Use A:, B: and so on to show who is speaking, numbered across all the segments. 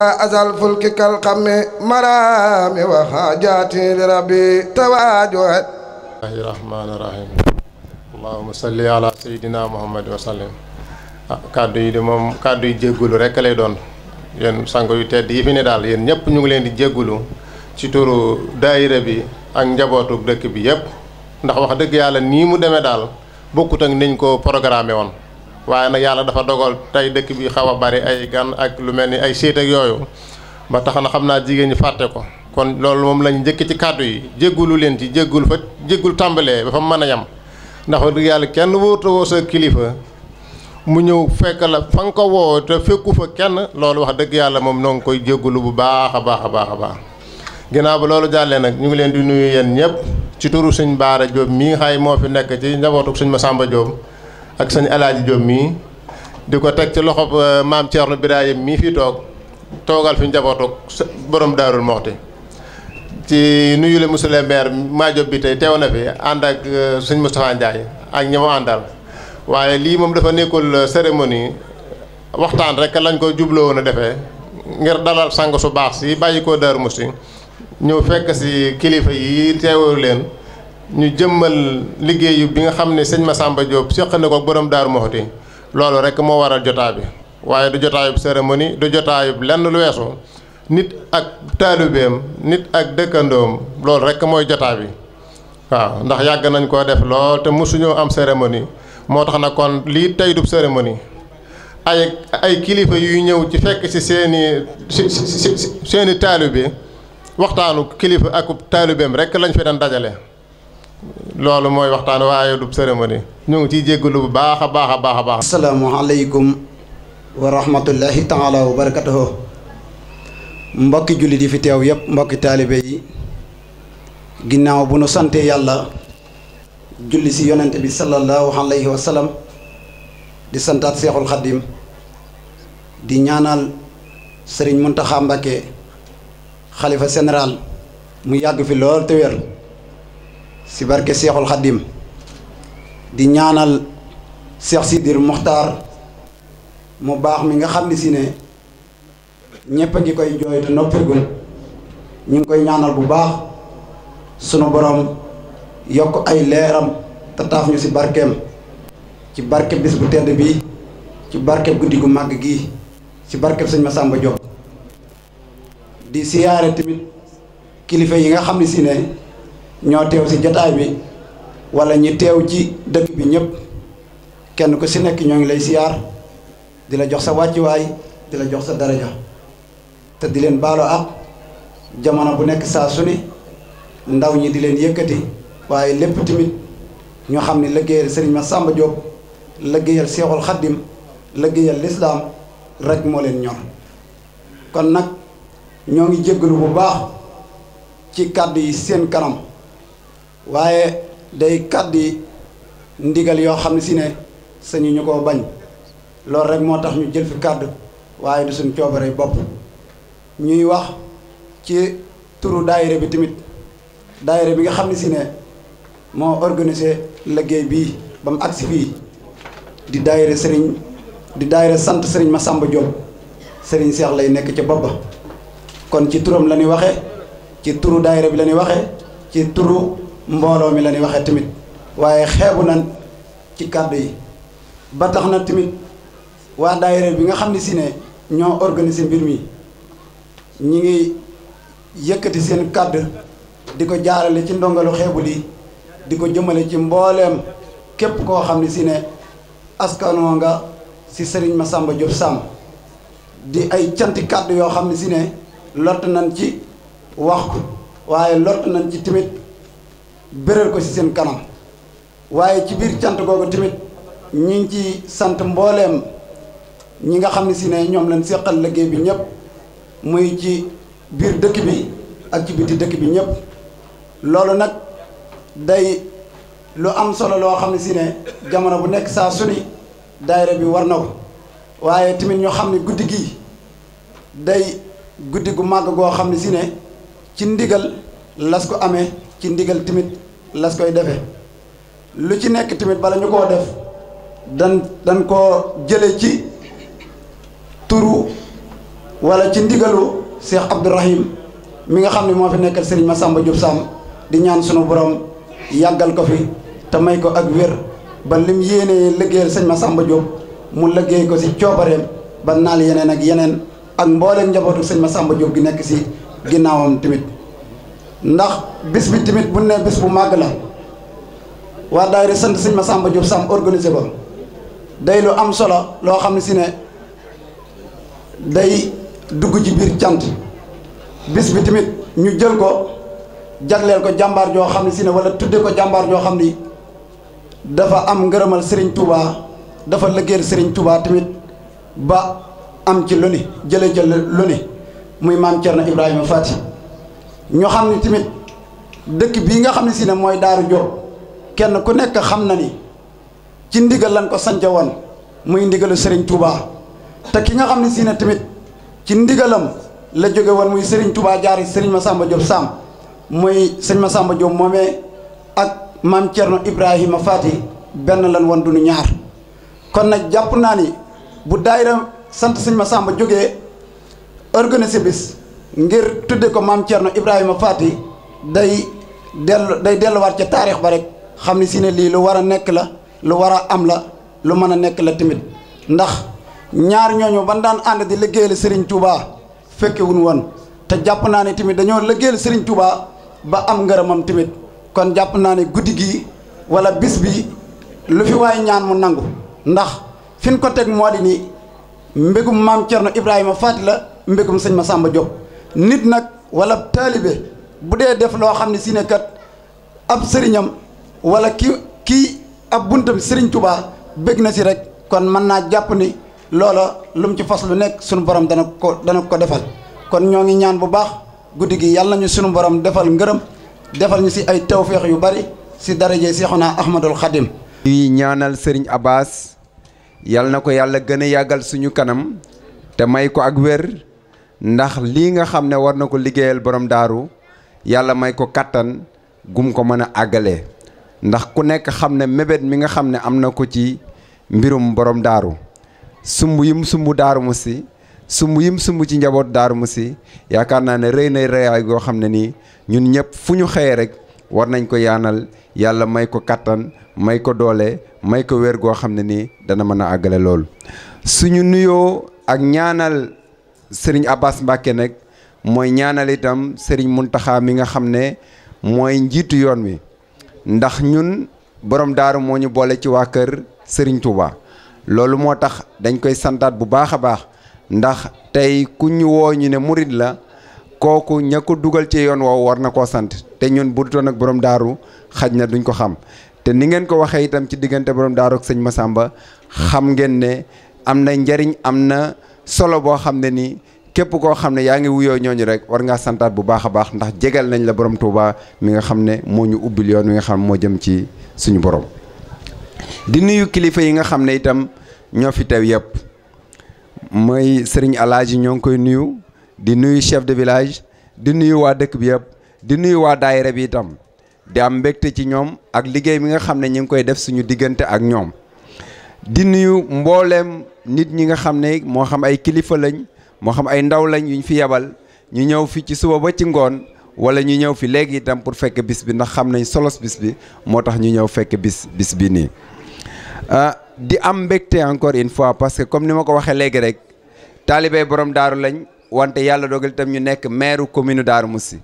A: azal fulki kal xame maraami wa xaajaati li
B: ah, kàddu yi de moom kàddu yi jéggulu rek lay doon yéen sango yu tedd yi fi ne daal yéen ñëpp ñu ngi leen di jéggulu ci turu daayira bi ak njabootu dëkk bi yépp ndax wax dëgg yàlla nii mu demee daal bokkut ak niñ ko programmé woon waaye nag yàlla dafa dogal tey dëkk bi xaw a bari ay gan ak lu mel ni ay séet yooyu ba tax na xam naa jigéen ñi fàtte ko kon loolu moom lañu njëkk ci kàddu yi jéggulu leen ci jéggul fa jéggul tàmbalee ba fa mën a yem ndax dëgg yàlla kenn wóotawoo sa kilifa mu ñëw fekk la fa nga te fekku fa kenn loolu wax dëgg yàlla moom noo koy jéggulu bu baax a baax a baax a baax ginnaaw ba loolu jàllee nag ñu ngi leen di nuyu yéen ñëpp ci turu suñ Baara Jóob mii moo fi nekk ci njabootu suñ Masamba Jóob ak sëñ alaaji Jóob mii di ko teg ci loxo euh, maam Thierno Birahim mii fi toog toogal fi njabootu borom daarul moxti ci nuyu le monsieur le maire maa Jóob bi tey teew na fi ànd ak euh, sëñ Moustapha Ndiaye ak ñi mu àndal waaye lii moom dafa nekkul euh, cérémonie waxtaan rek lañ ko jubloo woon a defee ngir dalal sang su baax si bàyyi koo Daaru Musti ñëw fekk si kilifa yi teewul leen ñu jëmmal liggéeyu bi nga xam ne sëñ Massamba Diop séq na ko borom Daaru Muxti loolu rek moo waral jotaa bi waaye du jotaayub cérémonie du jotaayub lenn lu weesu nit ak taalibeem nit ak dëkkandoom loolu rek mooy jotaa bi waaw ndax yàgg nañ ko def lool te mosuñoo am cérémonie moo tax na kon lii tey du cérémonie ay ay kilifa yuy ñëw ci fekk ci seeni seeni taalibe waxtaanu kilifa ak taalibeem rek lañ fi daan dajale. loolu mooy waxtaan waaye du cérémonie ñu ngi ciy jéggalu bu baax a baax a baax a baax. asalaamaaleykum
C: wa rahmatullahi taala wa barakatuhu mbokki julli yi fi teew yëpp mbokki taalibe yi ginnaaw bu nu sante yàlla julli si yonent bi sallallahu alayhi wa sallam di santaat seexul xaddim di ñaanal sëriñ Muntaxa Mbàkke xalifa général mu yàgg fi lool te ci barke seexul xaddim di ñaanal seex sidir muxtaar mu baax mi nga xam ne si ne ñépp a ngi koy jooy te noppirgul ñu ngi koy ñaanal bu baax sunu borom yokk ay leeram te taaf ñu si barkeem ci barke bis bu tedd bi ci barkeb guddi gu màgg gi ci barkeb sëñ sàmba Diop di siyaare tamit kilifa yi nga xam ne si ne ñoo teew ci jataay bi walla ñi teew ci dëkk bi ñëpp kenn ku si nekk ñoo ngi lay siyaar di la jox sa wàccuwaay di la jox sa daraja te di leen baalo ak jamono bu nekk saa su ndaw ñi di leen yëkkati waaye lépp tamit ñoo xam ni ne sëriñ ma sàmba Diop liggéeyal Seexul Xaddim liggéeyal lislaam rek moo leen ñor kon nag ñoo ngi jéggalu bu baax ci kàdd yi seen kanam waaye day kàddi ndigal yoo xam ne si ne sañu ñu koo bañ loolu rek moo tax ñu jël fi kàddu waaye du suñ coobare bopp ñuy wax ci turu daayira bi tamit daayira bi nga xam ne si ne moo organisé liggéey bi ba mu agsi fii di daayira sëriñ di daayira sant sëriñ ma Massamba Diop sëriñ Seex lay nekk ca bopp ba kon ci turam la ñuy waxee ci turu daayira bi la ñuy waxee ci turu mbooloo mi la ñuy waxee tamit waaye xeebu nan ci kàddu yi ba tax na tamit waa daayira bi nga xam ne si ne ñoo organiser mbir mi ñi ngi yëkkati seen kàddu di ko jaarale ci ndongalu xeebu lii di ko jëmale ci mbooleem képp koo xam ne si ne askanoo nga si ma Massamba Diop Samb di ay canti kàddu yoo xam ne si ne lott nañ ci wax ko waaye lott nañ ci tamit béral ko ci seen kanam waaye ci biir cant googu tamit ñi ngi ci sant mbooleem ñi nga xam ne si ne ñoom lañ seqal liggéey bi ñëpp muy ci biir dëkk bi ak ci biti dëkk bi ñëpp loolu nag day lu am solo loo xam ne si ne jamono bu nekk saa su ni bi war na ko waaye tamit ñoo xam ne guddi gii day guddi gu màgg goo xam ne si ne ci ndigal las ko amee ci ndigal tamit las koy defee lu ci nekk tamit bala ñu koo def dan dan koo jële ci turu walla ci ndigalu Cheikh Abdourahim mi nga xam ne moo fi nekkal ma sàmba Diop Samb di ñaan sunu borom yàggal ko fi te may ko ak wér ba lim yéenee liggéeyal sëñ Massamba Diop mu liggéey ko si coobareem ba naal yeneen ak yeneen ak mbooleem njabootu sëñ Massamba Diop gi nekk ci ginnaawam tamit ndax bis bi tamit bu ne bis bu màgg la waa daayira sant sëñ Massamba Diop Samb organisé ko day lu am solo loo xam ne si ne day dugg ci biir cant bis bi tamit ñu jël ko jagleel ko jàmbaar joo xam ne si ne wala tudde ko jàmbaar joo xam ni dafa am ngërëmal Serigne Touba dafa lëggéeyal Serigne Touba tamit ba am ci lu ni jële jële lu ni muy maam Thierno Ibrahima Fati ñu xam ni tamit dëkk bii nga xam ne si mooy Daaru Jóob kenn ku nekk xam na ni ci ndigal lañ ko sanc woon muy ndigalu Serigne Touba te ki nga xam ne si ne tamit ci ndigalam la jóge wan muy Serigne Touba jaari Serigne Massamba Diop Sam muy ma Massamba Diop moomee ak maam Thierno Ibrahima Fati benn lan wan du nu ñaar kon nag jàpp naa ni bu daayira sant Serigne Massamba jógee organiser bis ngir tudde ko maam Thierno Ibrahima Faty day dellu day delluwaat ca taarix ba rek xam ni si ne lii lu war a nekk la lu war a am la lu mën a nekk la tamit ndax ñaar ñooñu ban daan ànd di liggéeyal Serigne Touba fekke woon te jàpp naa ne tamit dañoo liggéeyal Serigne Touba ba am ngërëmam tamit kon jàpp naa ne guddi gi wala bis bi lu fi waay ñaan mu nangu ndax fin ko teg moo di ni mbégum maam Thierno Ibrahima Faty la mbégum sëñ ma Massamba Diop nit nag wala taalibe bu dee def loo xam ne si kat ab sëriñam wala ki kii ab buntam sëriñ tubaa bég na si rek kon mën naa jàpp ni loolo lum ci fas lu nekk sunu borom dana ko dana ko defal kon ñoo ngi ñaan bu baax guddi gi yàlla nañu sunu borom defal ngërëm defal ñu si ay tawféex
A: yu bari si daraje Seexuna Ahmadul Xadim yi ñaanal sëriñ Abbas yal na ko yàlla gën a yàggal suñu kanam te may ko ak wér ndax lii nga xam ne war na ko liggéeyal borom daaru yàlla may ko kàttan gum ko mën a àggalee ndax ku nekk xam ne mébét mi nga xam ne am na ko ci mbirum borom daaru sumb yim sumb daaru mu si sumb yim sumb ci njaboot daaru mu yaakaar naa ne rëy nay rëyaay goo xam ne nii ñun ñëpp fu ñu xëyee rek war nañ ko yaanal yàlla may ko kàttan may ko doole may ko wér goo xam ne nii dana mën a àggale loolu suñu nuyoo ak ñaanal sëriñ Abbas Mbacke nag mooy ñaanal itam sëriñ taxaa mi nga xam ne mooy njiitu yoon wi ndax ñun borom daaru moo ñu boole ci waa kër sëriñ Touba loolu moo tax dañ koy santaat bu baax a baax ndax tey ku ñu woo ñu ne murit la kooku ña ko dugal ci yoon woowu war na koo sant te ñun bu dutoon ak borom daaru xaj na duñ ko xam te ni ngeen ko waxee itam ci diggante borom daaru ak sëñ Massamba xam ngeen ne am na njariñ am na. solo boo xam ne nii képp koo xam ne yaa ngi wuyoo ñooñu rek war ngaa santaat bu baax a baax ndax jegal nañ la borom Touba mi nga xam ne moo ñu ubbil yoon mi nga xam moo jëm ci suñu borom. di nuyu kilifa yi nga xam ne itam ñoo fi teew yëpp mooy sëriñ Alaaji ñoo ngi koy nuyu di nuyu chef de village di nuyu waa dëkk bi yëpp di nuyu waa daayira bi itam di am mbégte ci ñoom ak liggéey bi nga xam ne ñu ngi koy def suñu diggante ak ñoom. di nuyu mbooleem nit ñi nga xam ne moo xam ay kilifa lañ moo xam ay ndaw lañ yuñ fi yebal ñu ñëw fi ci suba ba ci ngoon wala ñu ñëw fi léegi itam pour fekk bis bi ndax xam nañ solos bis bi moo tax ñu ñëw fekk bis bis bi nii. Ah, di am mbégte encore une fois parce que comme ni ma ko waxee léegi rek taalibe borom daaru lañ wante yàlla dogal itam ñu nekk maire commune daaru Moussi.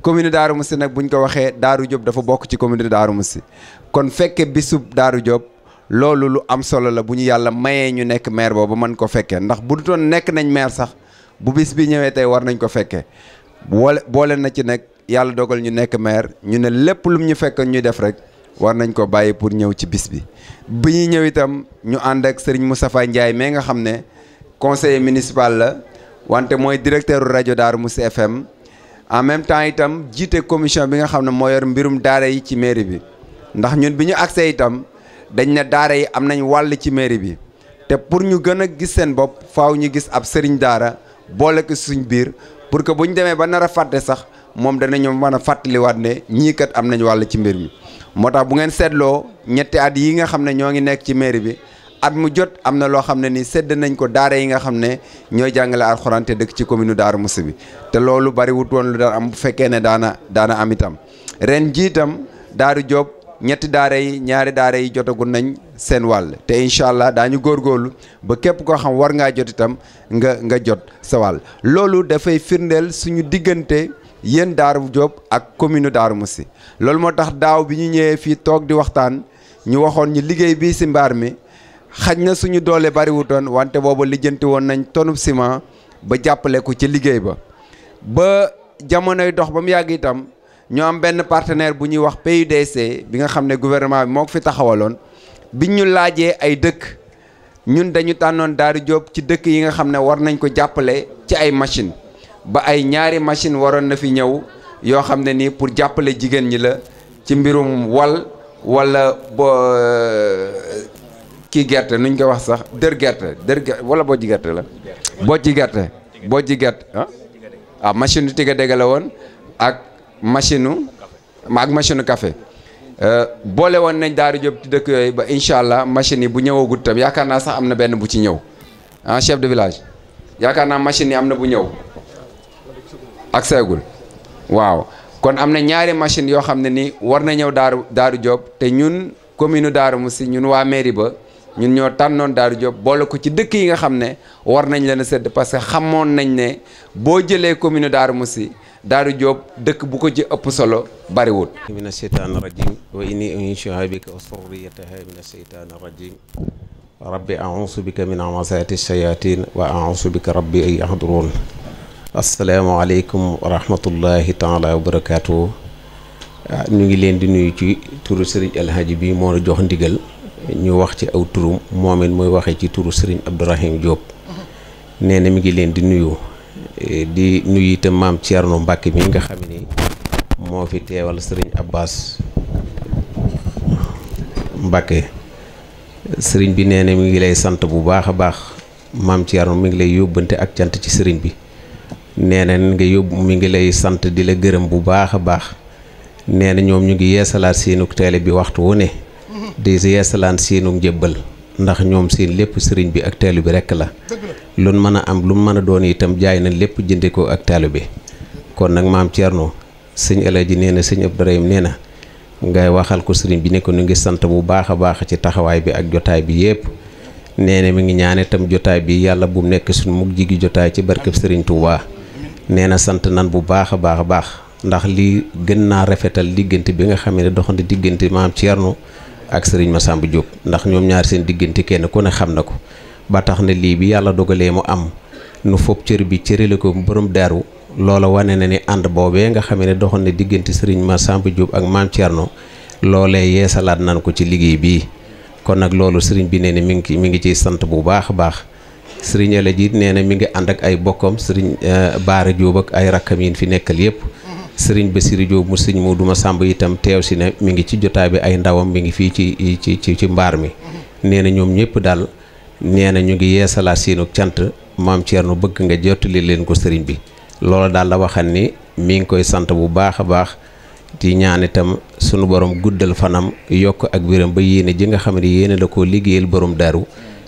A: commune daaru Moussi nag buñ ko waxee daaru job dafa bokk ci commune Darou Moussi kon fekke bisub daaru Diop. loolu lu am solo la bu ñu yàlla mayee ñu nekk maire boobu man ko fekkee ndax bu toon nekk nañ maire sax bu bis bi ñëwee tey war nañ ko fekkee boole boole na ci nekk yàlla dogal ñu nekk maire ñu ne lépp lu ñu fekk ñu def rek war nañ ko bàyyi pour ñëw ci bis bi. bi ñuy ñëw itam ñu ànd ak Serigne Moustapha Ndiaye mais nga xam ne conseiller municipal la wante mooy directeur rajo Darou Mouhty FM en même temps itam jiite commission bi nga xam ne moo yor mbirum daara yi ci mairie bi dañ ne daara yi am nañ wàll ci mairie bi te pour ñu gën a gis seen bopp faaw ñu gis ab sëriñ daara boole ko biir pour que bu ñu demee ba nara a sax moom danañu mën a fàttaliwaat ne ñii kat am nañ wàll ci mbir mi. moo tax bu ngeen seetloo ñetti at yi nga xam ne ñoo ngi nekk ci mairie bi at mu jot am na loo xam ne nii sedd nañ ko daara yi nga xam ne ñooy jàngale alxuraan te dëkk ci commune Darou Mouhty bi te loolu bari wut woon lu daan am bu fekkee ne daana daana am itam jiitam Daaru Diop ñetti daara yi ñaari daara yi jotagul nañ seen wàll te incha allah daañu góorgóorlu ba képp koo xam war ngaa jot itam nga nga jot sa wàll loolu dafay firndeel suñu diggante yéen Daaru Jóob ak commune Daaru Musi loolu moo tax daaw bi ñu ñëwee fii toog di waxtaan ñu waxoon ñu liggéey bii si mbaar mi xaj na suñu doole bariwutoon wante booba lijjante woon nañ tonub ciment ba jàppale ko ci liggéey ba ba jamonoy dox ba mu yàgg itam ñoo am benn partenaire bu ñuy wax PUDC bi nga xam ne gouvernement bi moo ko fi taxawaloon biñ ñu laajee ay dëkk ñun dañu tànnoon Daaru Jóob ci dëkk yi nga xam ne war nañ ko jàppale ci ay machine ba ay ñaari machine waroon na fi ñëw yoo xam ne nii pour jàppale jigéen ñi la ci mbirum wal wala bo kii gerte nuñ koy wax sax dër gerte dër gerte wala boo ji gerte la ji gerte boo ji gerte ah, ah machine yu tiga dégg la woon ak machine ak machine café euh, boole woon nañ Daara Diop ci dëkk yooyu ba incha allah machine yi bu ñëwagut tam yaakaar naa sax am na benn bu ci ñëw ah chef de village yaakaar naa machine yi am na bu ñëw ak seegul waaw kon am na ñaari machine yoo xam ne ni war na ñëw Daaru Daaru Diop te ñun commune Daaru Moussi ñun waa mairie ba ñun ñoo tànnoon Daaru Diop boole ko ci dëkk yi nga xam ne war nañ leen a sedd parce que xamoon nañ ne boo jëlee commune Daaru Moussi Daaru Jóob dëkk bu ko ci ëpp solo bariwut min asheytaan rajim wa inni unshiha bika wa surriyataha min asheytaan rajim rabbi
D: ausu bika min amasati shayatin wa ausu bika rabbi ay yahdurun asalaamaaleykum wa rahmatullahi taala wa barakaatu ñu ngi leen di nuyu ci turu sëriñ alhaji bi moo la jox ndigal ñu wax ci aw turum moom it muy waxee ci turu sëriñ Abdourahim Diop nee mi ngi leen di nuyu Eh, di nuyu itam maam Thierno Mbacke mi nga xam ni moo fi teewal sëriñ baas Mbacke sëriñ bi nee na mi ngi lay sant bu baax a baax maam Thierno mi ngi lay yóbbante ak cant ci sëriñ bi nee na nga yóbbu mi ngi lay sant di la gërëm bu baax a baax nee na ñoom ñu ngi yeesalaat seenu teele bi waxtu wu ne di yeesalaat seenug njëbbal ndax ñoom seen lépp sëriñ bi ak taalu bi rekk la lun mën a am lu mën a doon itam jaay na lépp jënde ko ak taalu bi kon nag maam Thierno sëñ Alaaji nee na sëñ Abdourahim nee na ngay waxal ko sëriñ bi ne ñu ngi sant bu baax a baax ci taxawaay bi ak jotaay bi yépp nee na mi ngi ñaane tam jotaay bi yàlla bu nekk suñu mug jigi jotaay ci barkeb sëriñ Touba nee na sant nan bu baax a baax a baax ndax lii gën naa rafetal diggante bi nga xam ne doxante diggante maam Thierno ak sëriñ Massamba Diop ndax ñoom ñaar seen diggante kenn ku ne xam na ko ba tax na lii bi yàlla dogalee mu am nu fopp cër bi cërale ko borom daaru loola wane na ni ànd boobee nga xamee ne doxoon na diggante sëriñ Massamba Diop ak maam Thierno loolee salaat nan ko ci liggéey bii kon nag loolu sëriñ bi nee na mi ngi mi ngi ciy sant bu baax a baax sëriñ Alaji nee na mi ngi ànd ak ay bokkam sëriñ euh, Baara Diop ak ay rakkam yi fi nekkal yëpp. sëriñ Bassirou Diop mu sëriñ Modou sàmb itam teew si ne mu ngi ci jotaay bi ay ndawam mi ngi fii ci ci ci ci mbaar mi nee na ñoom ñëpp daal nee na ñu ngi yeesalaat seenug cant maam nu bëgg nga jottali leen ko sëriñ bi loolu daal la waxal ni mi ngi koy sant bu baax a baax di ñaan itam sunu borom guddal fanam yokk ak biram ba yéene ji nga xam ne yéene la koo liggéeyal borom daaru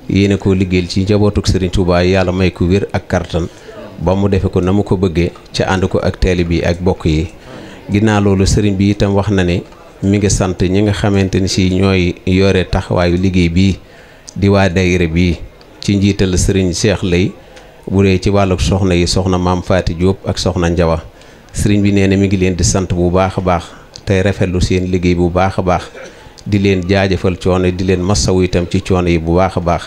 D: yéene koo liggéeyal ci njabootug sëriñ Touba yàlla may ko wér ak kartan ba mu defe ko na mu ko bëggee ci ànd ko ak teel bi ak bokk yi ginnaaw loolu sëriñ bi itam wax na ne mi ngi sant ñi nga xamante ni si ñooy yore taxawaayu liggéey bii di waa daayira bii ci njiital sëriñ Cheikh lay bu dee ci wàlluk soxna yi soxna maam Faati Diop ak soxna Njawa sëriñ bi nee na mi ngi leen di sant bu baax a baax tey rafetlu seen liggéey bu baax a baax di leen jaajëfal coono di leen masawu itam ci coono yi bu baax a baax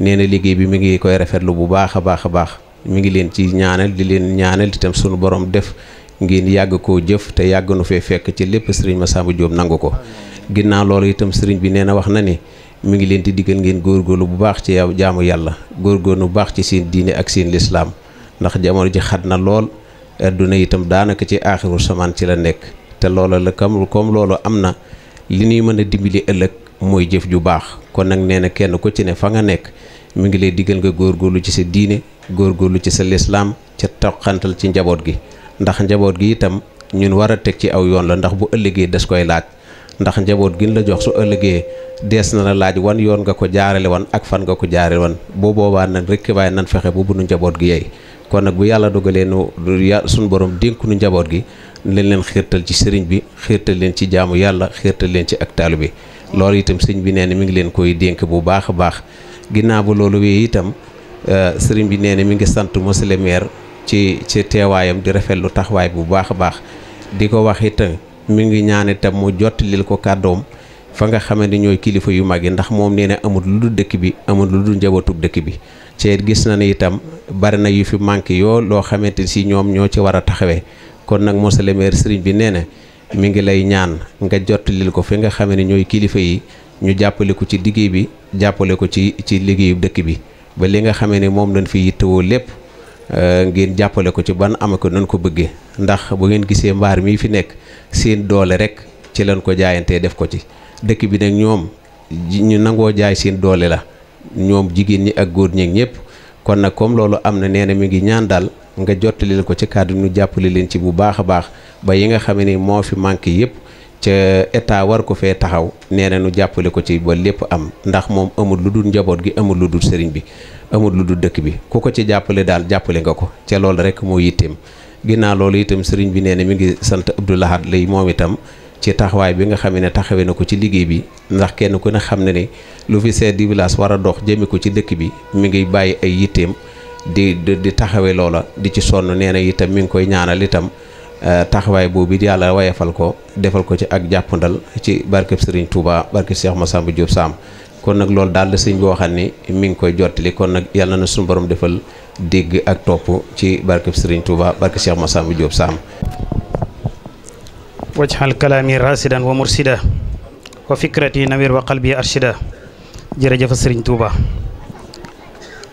D: nee na liggéey bi mi ngi koy rafetlu bu baax a baax a baax mi ngi leen ci ñaaneel di leen ñaaneel itam sunu borom def ngeen yàgg koo jëf te yàgg nu fee fekk ci lépp sëriñ Massamba Diop nangu ko ginnaaw loolu itam sëriñ bi nee na wax na ni mu ngi leen di diggal ngeen góorgóorlu bu baax ci yow jaamu yàlla góorgóorlu bu baax ci seen diine ak seen lislaam ndax jamono ji xat na lool adduna itam daanaka ci aaxiru samaan ci la nekk te loola la kam comme loolu am na li ñuy mën a dimbali ëllëg mooy jëf ju baax kon nag nee na kenn ku ci ne fa nga nekk mi ngi leen diggal nga góor góorlu ci sa diine góorlu ci sa lislaam ca toqantal ci njaboot gi ndax njaboot gi itam ñun war a teg ci aw yoon la ndax bu ëllëgee des koy laaj ndax njaboot gi la jox su ëllëgee dees na la laaj wan yoon nga ko jaarale wan ak fan nga ko jaarale wan boo boobaan na rekk waaye nan fexe bu bunu njaboot gi yey kon nag bu yàlla dogalee nu suñu borom dénku nu njaboot gi leen leen xiirtal ci sëriñ bi xiirtal leen ci jaamu yàlla xiirtal leen ci ak bi loolu itam sëriñ bi nee na mi ngi leen koy dénk bu baax a baax ginnaaw ba loolu wee itam euh, sëriñ bi nee na mi ngi sant monsieur le ci ci teewaayam di lu taxawaay bu baax a baax di ko wax itam mu ngi ñaan itam mu jottalil ko kàddoom fa nga xamee ne ñooy kilifa yu mag yi ndax moom nee na amul lu dul dëkk bi amul lu dul njabootug dëkk bi ci gis na ni itam bari na yu fi manqué yoo loo xamante si ñoom ñoo ci war a taxawee kon nag monsieur le maire sëriñ bi nee na mi ngi lay ñaan nga jottalil ko fi nga xame ne ñooy kilifa yi ñu jàppale ko ci liggéey bi jàppale ko ci ci liggéeyu dëkk bi ba li nga xamee ne moom lañ fi yittewoo lépp euh, ngeen jàppale ko ci ban ama ko nañ ko bëggee ndax bu ngeen gisee mbaar mii fi nekk seen doole rek ci lañ ko jaayantee def ko ci dëkk bi nag ñoom ñu nangoo jaay seen doole la ñoom jigéen ñi ak góor ñeeg ñëpp kon nag comme loolu am na nee na mi ngi ñaan daal nga jottalil ko ci kàddu ñu jàppale leen ci bu baax a baax ba yi nga xam ni moo fi manqué yëpp. ca état war ko fee taxaw nee na nu jàppale ko ci ba lépp am ndax moom amul lu dul njaboot gi amul lu dul sëriñ bi amul lu dul dëkk bi ku ko ci jàppale daal jàppale nga ko ca loolu rek mooy yitteem ginnaaw loolu itam sëriñ bi nee na mi ngi sant Abdou Lahad moom itam ci taxawaay bi nga xam ne taxawee na ko ci liggéey bi ndax kenn ku ne xam ne ni lu fi seet di village war a dox jëme ko ci dëkk bi mi ngi bàyyi ay yitteem di di taxawee loola di ci sonn nee na itam mi ngi koy ñaanal itam Euh, taxawaay boobu it yàlla wayefal ko defal ko ci ak jàppandal ci barkeb Serigne Touba barkeb Cheikh Massamba jóob Sam kon nag loolu daal la sëñ bi ni mi ngi koy jottali kon nag yàlla na suñu borom defal dégg ak topp ci barkeb Serigne Touba barkeb Cheikh Massamba Diop Sam
E: wajhal kalaami rasidan wa mursida wa fikrati nawir wa qalbi arshida jërëjëf sëriñ Touba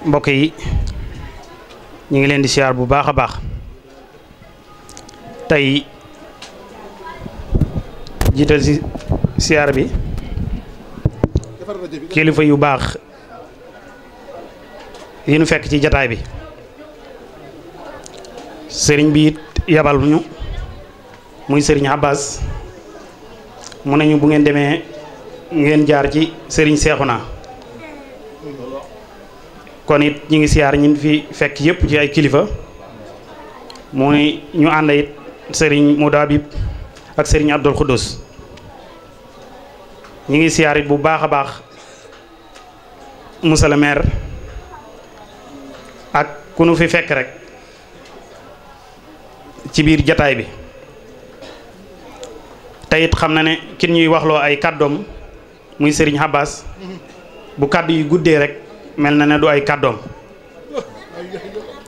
E: mbokk yi ñu ngi leen di siyaar bu baax a baax tey jiital si siyaar bi kilifa yu baax yi nu fekk ci jataay bi sëriñ biit it yabal ñu muy sëriñ Abbas mu nañu bu ngeen demee ngeen jaar ci sëriñ Seexuna kon it ñi ngi siyaar ñin fi fekk yëpp ci ay kilifa mu ñu ànd sëriñ Modou Habib ak sëriñ Abdul Khoudous ñi ngi siyaarit bu baax a baax monsieur le ak ku nu fi fekk rek ci biir jataay bi teyit xam na ne kin ñuy waxloo ay kàddoom muy sëriñ Abbas bu kàdd yi guddee rek mel na ne du ay kàddoom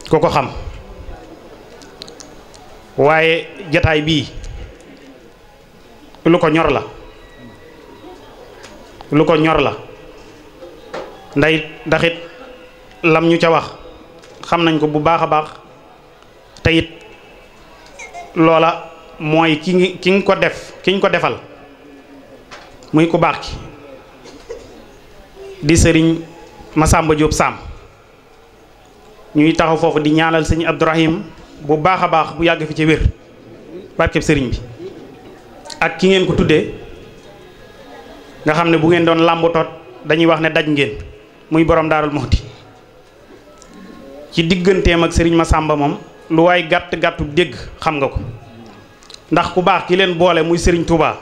E: ku ko xam waaye jataay bii lu ko ñor la lu ko ñor la nday ndaxit lam ñu ca wax xam nañ ko bu baax a baax te loola mooy ki ki nga ko def ki ñu ko defal muy ku baax ki di sëriñ Masamba Diop Sam ñuy taxaw foofu di ñaanal sëñ Abdourahim bu baax a baax bu yàgg fi ci wér barkeb sëriñ bi ak ki ngeen ko tuddee nga xam ne bu ngeen doon làmbu toot dañuy wax ne daj ngeen muy borom daarul Muxti ci digganteem ak sëriñ ma sàmba moom lu waay gàtt gàttu dégg xam nga ko ndax ku baax ki leen boole muy sëriñ Touba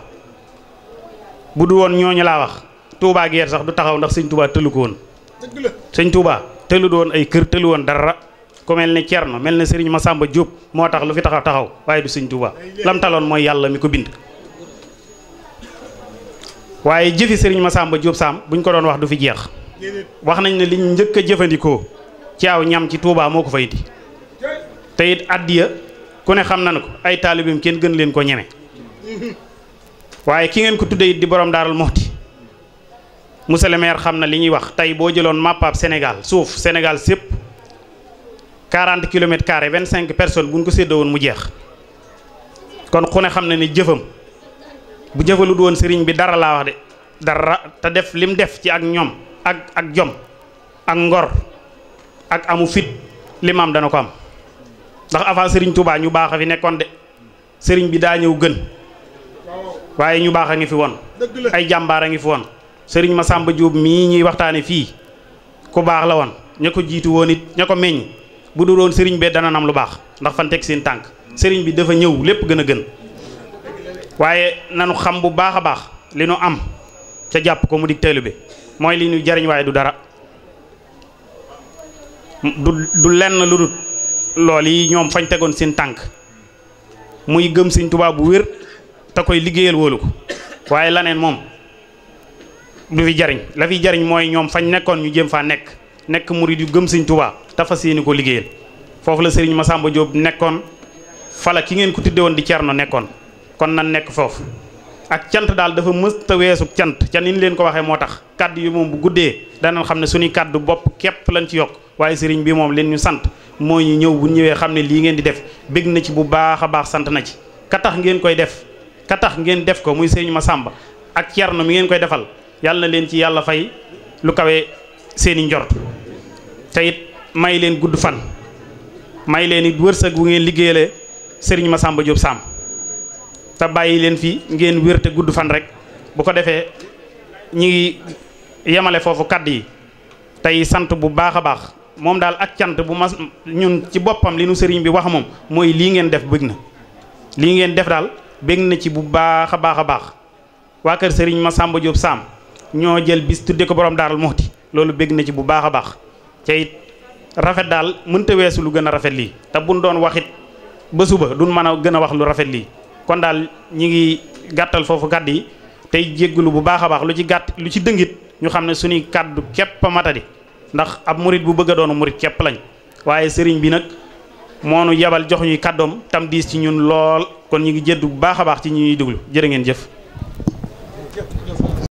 E: bu du woon ñooñu laa wax tuubaa geer sax du taxaw ndax sëñ Touba tëlu ko woon. sëñ Touba tëlu doon ay kër tëlu woon dara. ku mel ne Cerno mel na ne ma sàmba Diop moo tax lu fi taxaw taxaw waaye du Sëñ Tuubaa lam taloon mooy yàlla mi ko bind. waaye jëfi Serigne Massamba Diop Sam buñ ko doon wax du fi jeex wax nañ ne liñ njëkk a jëfandikoo ci aw ñam ci Touba moo ko fay di te it ku ne xam na ne ko ay taalibeem kenn gën leen ko ñeme waaye ki ngeen ko tuddee it di borom daaral moxti monsieur le maire xam na li ñuy wax tey boo jëloon mappaab Sénégal suuf Sénégal sépp 40 kilomètres carrés 25 personnes bu ñu ko séddoo woon mu jeex kon ku xam na ni jëfam bu jëfalut woon sëriñ bi dara laa wax de dara te def lim def ci ak ñoom ak ak jom ak ngor ak amu fit lim am dana ko am ndax avant sëriñ Touba ñu baax a fi nekkoon de sëriñ bi daa ñëw gën waaye ñu baax a ngi fi woon ay jàmbaar a ngi fi woon sëriñ Massamba Diop mii ñuy waxtaane fii ku baax la woon ña ko jiitu woon it ña ko meññ bu dul woon sëriñ bee dana nam lu baax ndax fan teg seen tànk sëriñ bi dafa ñëw lépp gën a gën waaye nanu xam bu baax a baax li nu am ca jàpp ko mu dig teelu bi mooy li ñu jariñ waaye du dara du du lenn lu dul lool yi ñoom fañ tegoon seen tànk muy gëm sëñ Tuubaa bu wér te koy liggéeyal wóolu ko waaye laneen moom du fi jariñ la fi jariñ mooy ñoom fañ nekkoon ñu jëm faa nekk nekk murid yu gëm sëñ Tuubaa te fas yéene ko liggéeyal foofu la sëriñ Masamba jóob nekkoon fala ki ngeen ko tudde woon di Cerno nekkoon kon nan nekk foofu ak cant daal dafa mësta weesu cant ca ni leen ko waxee moo tax kàddu yi moom bu guddee danañ xam ne suñuy kàddu bopp képp lañ ci yokk waaye sëriñ bi moom leen ñu sant moo ñu ñëw bu ñëwee xam ne lii ngeen di def bég na ci bu baax a baax sant na ci ka ngeen koy def kattax ngeen def ko muy sëriñ sàmba ak Cerno mi ngeen koy defal yàlla na leen ci yàlla fay lu kawe seeni njort may leen gudd fan may leen it wërsëg wu ngeen liggéeyale sëriñ ma Massamba Diop Samb te bàyyi leen fi ngeen wérte gudd fan rek bu ko defee ñi ngi yemale foofu kàdd yi tey sant bu baax a baax moom daal ak cant bu ma ñun ci boppam li nu sëriñ bi wax moom mooy lii ngeen def bëgg na lii ngeen def daal bëgg na ci bu baax a baax a baax waa kër sëriñ ma Massamba Diop Samb ñoo jël bis tudde ko borom daaral Muxti loolu bëgg na ci bu baax baax te rafet daal mënta weesu lu gën a rafet lii te buñ doon waxit ba suba duñ mën a gën a wax lu rafet lii kon daal ñi ngi gàttal foofu kàddu yi tey jéggulu bu baax a baax lu ci gàtt lu ci dëngit ñu xam ne suñuy kàddu kepp a matadi ndax ab murit bu bëgg a doon murit képp lañ waaye sëriñ bi nag moo nu yabal jox ñuy kàddoom tam diis ci ñun lool kon ñu ngi jëddu bu baax a baax ci ñuy déglu jërë ngeen jëf